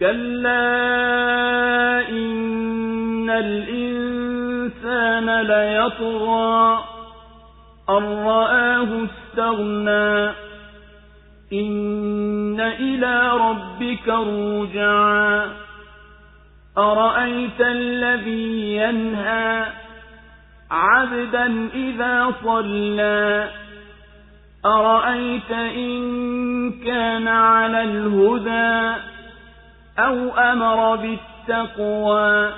كلا إن الإنسان ليطغى أن رآه استغنى إن إلى ربك رجعا أرأيت الذي ينهى عبدا إذا صلى أرأيت إن كان على الهدى أو أمر بالتقوى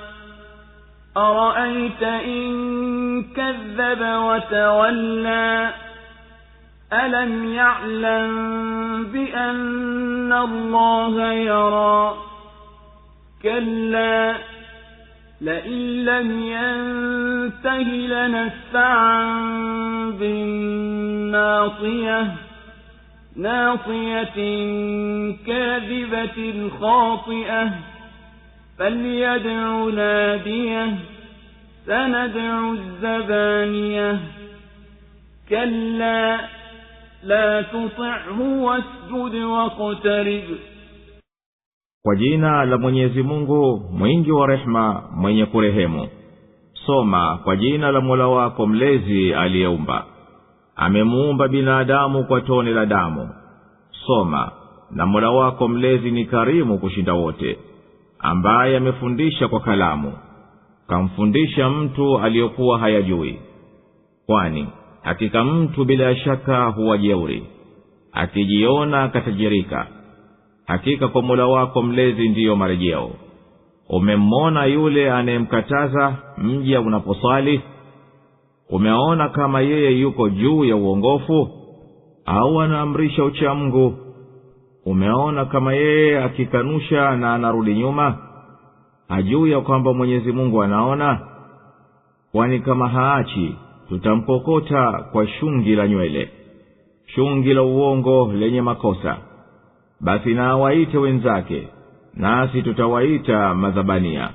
أرأيت إن كذب وتولى ألم يعلم بأن الله يرى كلا لئن لم ينته لنسعا بالناصية ناصية كلا كاذبة خاطئة فليدع ناديه سندع الزبانية كلا لا تطعه واسجد واقترب Kwa jina la Mwenyezi Mungu mwingi wa rehema, mwenye kurehemu. Soma kwa jina la Mola wako mlezi aliyeumba. Amemuumba binadamu kwa tone la damu. Soma na mola wako mlezi ni karimu kushinda wote ambaye amefundisha kwa kalamu kamfundisha mtu aliyokuwa hayajui kwani hakika mtu bila shaka huwa jeuri akijiona akatajirika hakika kwa mola wako mlezi ndiyo marejeo umemmona yule anayemkataza mja unaposwali umeona kama yeye yuko juu ya uongofu au anaamrisha uchamgu umeona kama yeye akikanusha na anarudi nyuma hajuu ya kwamba mwenyezi mungu anaona kwani kama haachi tutamkokota kwa shungi la nywele shungi la uongo lenye makosa basi na awaite wenzake nasi tutawaita madhabania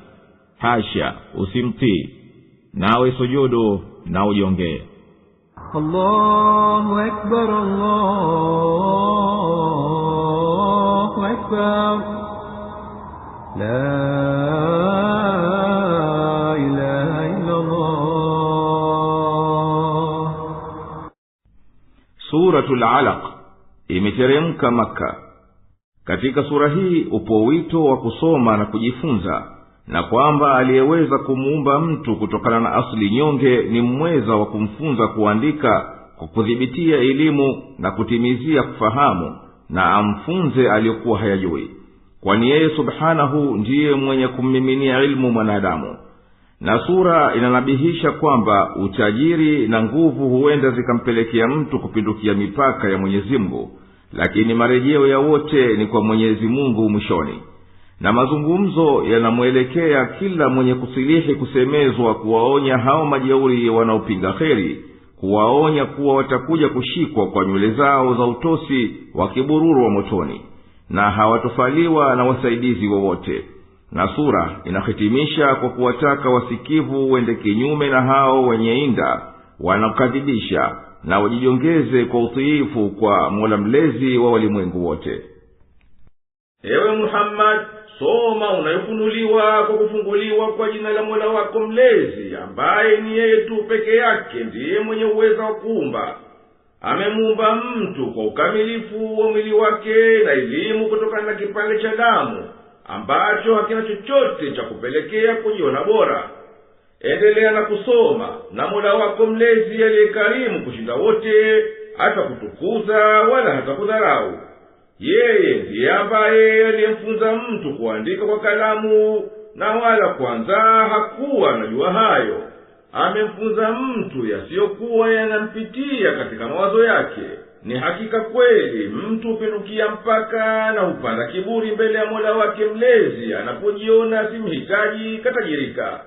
hasha usimtii nawe sujudu na ujongee allahu akbar allah أكبر لا إله إلا الله سورة العلق imeteremka maka katika sura hii upo wito wa kusoma na kujifunza na kwamba aliyeweza kumuumba mtu kutokana na asli nyonge ni mweza wa kumfunza kuandika kwa kudhibitia elimu na kutimizia kufahamu na amfunze aliyokuwa hayajui kwani yeye subhanahu ndiye mwenye kummiminia ilmu mwanadamu na sura inanabihisha kwamba utajiri na nguvu huenda zikampelekea mtu kupindukia mipaka ya mwenyezi mungu lakini marejeo ya wote ni kwa mwenyezi mungu mwishoni na mazungumzo yanamwelekea kila mwenye kusilihi kusemezwa kuwaonya hao majeuri wanaopinga kheri huwaonya kuwa watakuja kushikwa kwa nywele zao za utosi wakibururwa motoni na hawatofaliwa na wasaidizi wowote na sura inahitimisha kwa kuwataka wasikivu wende kinyume na hao wenye inda wanakadhibisha na wajijongeze kwa utiifu kwa mola mlezi wa walimwengu wote ewe muhammadi soma unayofunuliwa kwa kufunguliwa kwa jina la mola wako mlezi ambaye ni yeye tu peke yake ndiye mwenye uweza wa kuumba amemumba mtu kwa ukamilifu wa mwili wake na elimu kutokana na kipande cha damu ambacho hakina chochote cha kupelekea kujiona bora endelea na kusoma na mola wako mlezi aliyekarimu kushinda wote hatakutukuza wala hatakudharau yeye ambaye aliyemfunza mtu kuandika kwa kalamu na wala kwanza hakuwa anajua hayo amemfunza mtu yasiyokuwa yanampitia katika mawazo yake ni hakika kweli mtu hupinukiya mpaka na hupanda kiburi mbele ya mola wake mlezi anapojiona simhitaji katajirika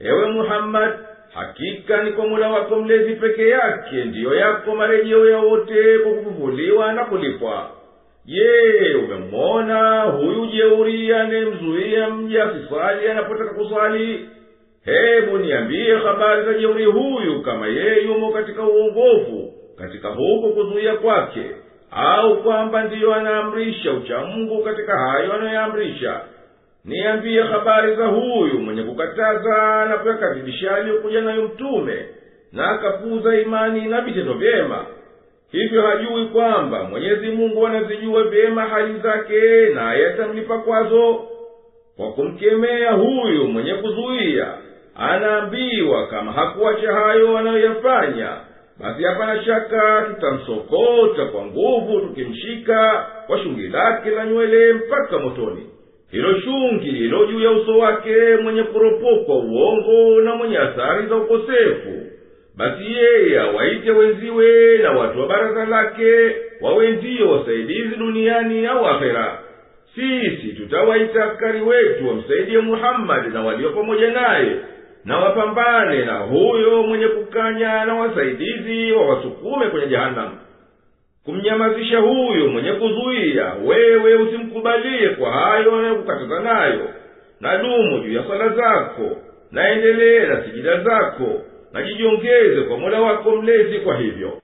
ewe muhammadi hakika ni kwa mola wako mlezi peke yake ndiyo yako marejeo yawote kwa kufufuliwa na kulipwa je umemwona huyu jeuri anayemzuia mja asiswali anapotaka kuswali hebu niambie habari za jeuri huyu kama yeye yumo katika uongofu katika huku kuzuia kwake au kwamba ndiyo anaamrisha uchamungu katika hayo anayoyaamrisha. niambie habari za huyu mwenye kukataza na kuyakadhibisha aliyokuja nayo mtume na akapuuza imani na vitendo vyema hivyo hajui kwamba mwenyezi mungu anazijua vyema hali zake naye atamlipa kwazo kwa kumkemea huyu mwenye kuzuia anaambiwa kama hakuwacha hayo anayoyafanya basi hapana shaka tutamsokota kwa nguvu tukimshika kwa shungi lake la nywele mpaka motoni hilo shungi lilo juu ya uso wake mwenye kuropokwa uongo na mwenye athari za ukosefu basi yeye awaite wenziwe na watu wa baraza lake wawe ndiyo wasaidizi duniani au afera sisi tutawaita askari wetu wamsaidie muhammadi na walio pamoja naye na wapambane na huyo mwenye kukanya na wasaidizi wawasukume kwenye jehanamu kumnyamazisha huyo mwenye kuzuia wewe usimkubalie kwa hayo anayokukataza nayo na dumu juu ya sala zako naendelee na sijida zako na jijiongeze kwa mola wako mlezi kwa hivyo